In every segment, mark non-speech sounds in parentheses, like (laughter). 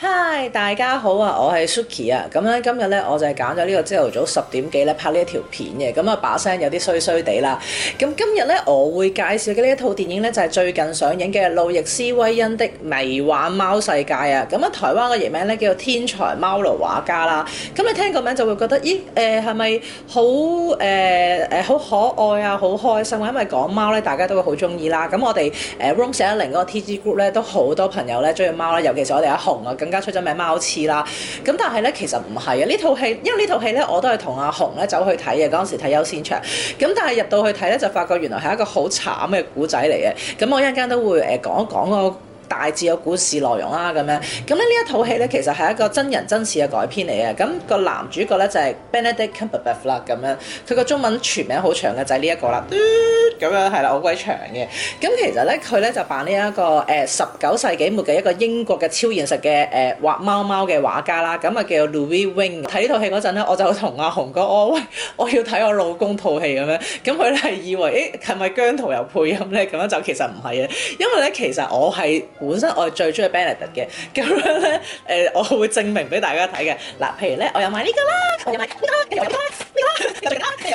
嗨，Hi, 大家好啊！我係 Suki 啊，咁咧今日咧我就係揀咗呢個朝頭早十點幾咧拍呢一條片嘅，咁啊把聲有啲衰衰哋啦。咁今日咧我會介紹嘅呢一套電影咧就係最近上映嘅路易斯威恩的迷幻貓世界啊，咁啊台灣嘅譯名咧叫做天才貓奴畫家啦。咁你聽個名就會覺得，咦，誒係咪好誒誒好可愛啊，好開心啊？因為講貓咧，大家都會好中意啦。咁我哋誒 Room 四一零嗰個 TG Group 咧都好多朋友咧中意貓啦，尤其是我哋阿紅啊。更加出咗名貓刺啦，咁但係咧其實唔係啊！呢套戲，因為呢套戲咧我都係同阿紅咧走去睇嘅，嗰陣時睇優先場。咁但係入到去睇咧就發覺原來係一個好慘嘅古仔嚟嘅。咁、嗯、我一陣間都會誒、呃、講一講一個大致嘅故事內容啦、啊，咁樣。咁、嗯、咧呢一套戲咧其實係一個真人真事嘅改編嚟嘅。咁、嗯、那個男主角咧就係、是、Benedict Cumberbatch 啦，咁樣。佢個中文全名好長嘅就係呢一個啦。咁樣係啦，好鬼長嘅。咁其實咧，佢咧就扮呢一個誒十九世紀末嘅一個英國嘅超現實嘅誒畫貓貓嘅畫家啦。咁啊叫 Louis Wing。睇呢套戲嗰陣咧，我就同阿紅講：我喂，我要睇我老公套戲咁樣。咁佢咧係以為誒係咪姜濤有配音咧？咁樣就其實唔係嘅，因為咧其實我係本身我係最中意 Benedict 嘅。咁樣咧誒，我會證明俾大家睇嘅。嗱，譬如咧，我又買呢個啦，我有買呢個，跟住有呢個，呢個，又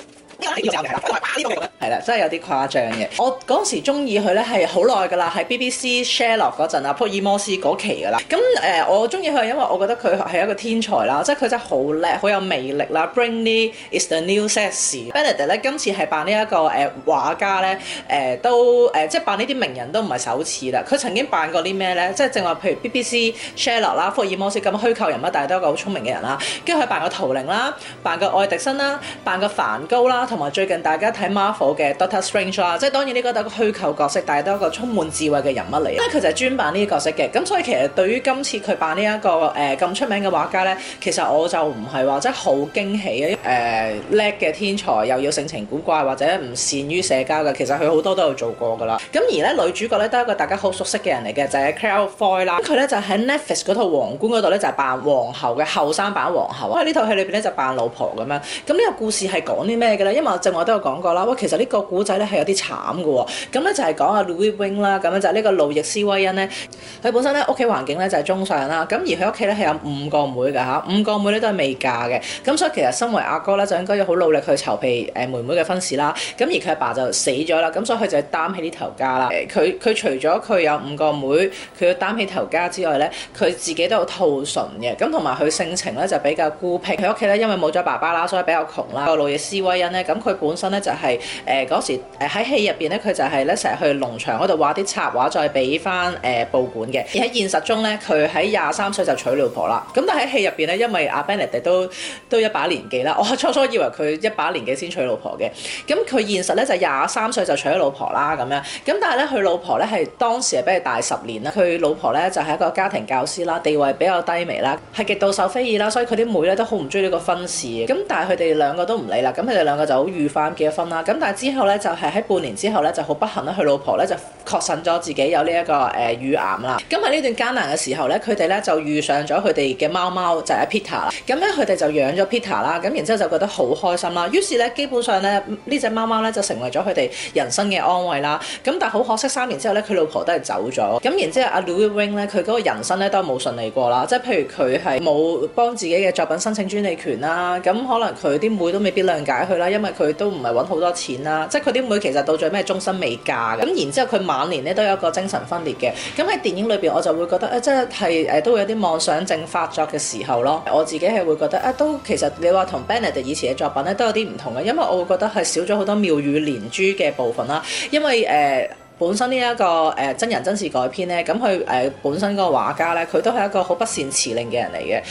呢個係啦，真係有啲誇張嘅。我嗰時中意佢咧係好耐㗎啦，係 BBC Sherlock 嗰陣啊，福爾摩斯嗰期㗎啦。咁誒、e，我中意佢係因為我覺得佢係一個天才啦，即係佢真係好叻，好有魅力啦。 (noise) Brainy is the new sexy Benedict 咧，今次係扮呢、這、一個誒畫、呃、家咧，誒都誒即係扮呢啲名人都唔係首次啦。佢曾經扮過啲咩咧？即係正話，譬如 BBC Sherlock 啦，福爾摩斯咁虛構人物，但係都係個好聰明嘅人啦。跟住佢扮個圖靈啦，扮個愛迪生啦，扮個梵高啦，同。最近大家睇 Marvel 嘅 Doctor Strange 啦、啊，即係當然呢個都係虛構角色，但係都一個充滿智慧嘅人物嚟、啊。因為佢就係專扮呢啲角色嘅，咁所以其實對於今次佢扮呢、這、一個誒咁、呃、出名嘅畫家咧，其實我就唔係話真係好驚喜啊！誒叻嘅天才又要性情古怪或者唔善於社交嘅，其實佢好多都有做過噶啦。咁、啊、而咧女主角咧都係一個大家好熟悉嘅人嚟嘅，就係、是、Claire Foy 啦、啊。佢、啊、咧就喺 Netflix 嗰套皇《王冠》嗰度咧就係、是、扮皇后嘅後生版皇后啊！喺呢套戲裏邊咧就扮老婆咁樣。咁呢個故事係講啲咩嘅咧？因為正話我都有講過啦，哇，其實呢個古仔咧係有啲慘嘅，咁咧就係講阿 Louis Wing 啦，咁樣就係呢個路易斯威恩咧，佢本身咧屋企環境咧就係中上啦，咁而佢屋企咧係有五個妹嘅嚇，五個妹咧都係未嫁嘅，咁所以其實身為阿哥咧就應該要好努力去籌備誒妹妹嘅婚事啦，咁而佢阿爸就死咗啦，咁所以佢就擔起呢頭家啦，佢佢除咗佢有五個妹，佢要擔起頭家之外咧，佢自己都有兔唇嘅，咁同埋佢性情咧就比較孤僻，佢屋企咧因為冇咗爸爸啦，所以比較窮啦，個路易斯威恩咧咁。佢本身咧就係誒嗰時誒喺戲入邊咧，佢就係咧成日去農場嗰度畫啲插畫，再俾翻誒報館嘅。而喺現實中咧，佢喺廿三歲就娶老婆啦。咁但喺戲入邊咧，因為阿 Benet 都都一把年紀啦，我初初以為佢一把年紀先娶老婆嘅。咁佢現實咧就廿三歲就娶咗老婆啦咁樣。咁但係咧，佢老婆咧係當時係比佢大十年啦。佢老婆咧就係一個家庭教師啦，地位比較低微啦，係極度受非議啦。所以佢啲妹咧都好唔中意呢個婚事嘅。咁但係佢哋兩個都唔理啦。咁佢哋兩個就好，預快結婚啦，咁但係之後咧就係、是、喺半年之後咧就好不幸啦，佢老婆咧就。確診咗自己有呢、這、一個誒乳癌啦，咁喺呢段艱難嘅時候咧，佢哋咧就遇上咗佢哋嘅貓貓就係 Peter 啦，咁咧佢哋就養咗 Peter 啦，咁然之後就覺得好開心啦，於是咧基本上咧呢隻貓貓咧就成為咗佢哋人生嘅安慰啦，咁但係好可惜三年之後咧佢老婆都係走咗，咁然之後阿 Louis Wain 咧佢嗰個人生咧都係冇順利過啦，即係譬如佢係冇幫自己嘅作品申請專利權啦，咁、啊、可能佢啲妹、妹都未必諒解佢啦，因為佢都唔係揾好多錢啦，即係佢啲妹其實到最尾終身未嫁嘅，咁然之後佢。晚年咧都有一個精神分裂嘅，咁喺電影裏邊我就會覺得啊，即係誒都會有啲妄想症發作嘅時候咯。我自己係會覺得啊，都其實你話同 Benet 以前嘅作品咧都有啲唔同嘅，因為我會覺得係少咗好多妙語連珠嘅部分啦，因為誒。呃本身呢一個誒真人真事改編咧，咁佢誒本身嗰個畫家咧，佢都係一個好不善辭令嘅人嚟嘅。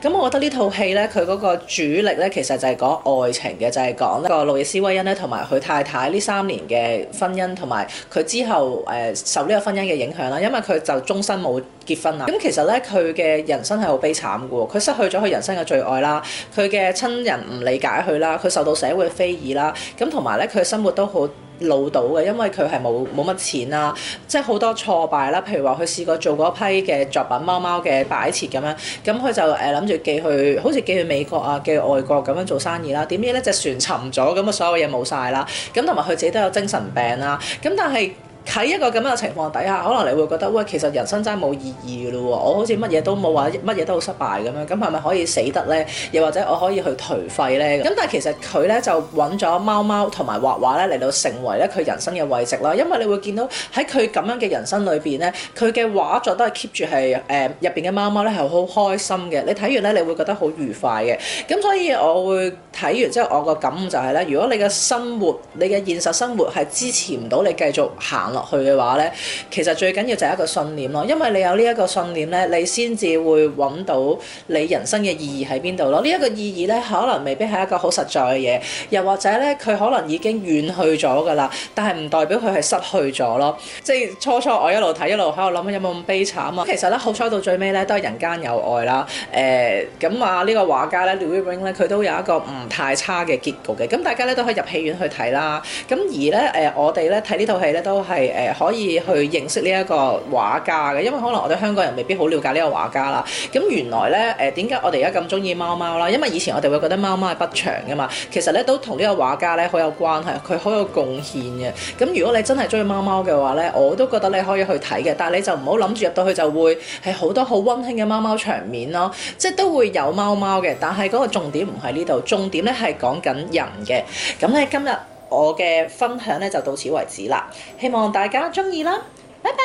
咁我覺得呢套戲咧，佢嗰個主力咧，其實就係講愛情嘅，就係、是、講呢個路易斯威恩咧，同埋佢太太呢三年嘅婚姻，同埋佢之後誒、呃、受呢個婚姻嘅影響啦。因為佢就終身冇結婚啦。咁其實咧，佢嘅人生係好悲慘嘅喎。佢失去咗佢人生嘅最愛啦，佢嘅親人唔理解佢啦，佢受到社會非議啦。咁同埋咧，佢嘅生活都好老到嘅，因為佢係冇冇乜錢啦、啊，即係好多挫敗啦。譬如話佢試過做嗰批嘅作品貓貓嘅擺設咁樣，咁佢就誒諗住寄去，好似寄去美國啊，寄去外國咁樣做生意啦。點知咧，隻船沉咗，咁啊所有嘢冇晒啦。咁同埋佢自己都有精神病啦。咁但係。喺一個咁樣嘅情況底下，可能你會覺得「喂，其實人生真係冇意義嘅咯喎，我好似乜嘢都冇，話乜嘢都好失敗咁樣，咁係咪可以死得呢？又或者我可以去頹廢呢？」咁但係其實佢呢，就揾咗貓貓同埋畫畫呢嚟到成為呢佢人生嘅慰藉啦。因為你會見到喺佢咁樣嘅人生裏邊呢，佢嘅畫作都係 keep 住係誒入邊嘅貓貓呢，係好開心嘅。你睇完呢，你會覺得好愉快嘅。咁所以我會睇完之後，我個感悟就係、是、呢如果你嘅生活、你嘅現實生活係支持唔到你繼續行落去嘅話咧，其實最緊要就係一個信念咯，因為你有呢一個信念咧，你先至會揾到你人生嘅意義喺邊度咯。呢、這、一個意義咧，可能未必係一個好實在嘅嘢，又或者咧，佢可能已經遠去咗噶啦，但係唔代表佢係失去咗咯。即係初初我一路睇一路喺度諗，有冇咁悲慘啊？其實咧，好彩到最尾咧都係人間有愛啦。誒、呃，咁啊呢個畫家咧，Louis 呢《The Ring》咧，佢都有一個唔太差嘅結局嘅。咁大家咧都可以入戲院去睇啦。咁而咧誒、呃，我哋咧睇呢套戲咧都係。係、呃、可以去認識呢一個畫家嘅，因為可能我哋香港人未必好了解呢個畫家啦。咁原來呢，誒點解我哋而家咁中意貓貓啦？因為以前我哋會覺得貓貓係不祥㗎嘛，其實呢都同呢個畫家呢好有關係，佢好有貢獻嘅。咁如果你真係中意貓貓嘅話呢，我都覺得你可以去睇嘅，但係你就唔好諗住入到去就會係好多好温馨嘅貓貓場面咯，即係都會有貓貓嘅，但係嗰個重點唔喺呢度，重點呢係講緊人嘅。咁咧今日。我嘅分享呢就到此為止啦，希望大家鍾意啦，拜拜！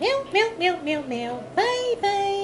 喵喵喵喵喵，喵，拜拜！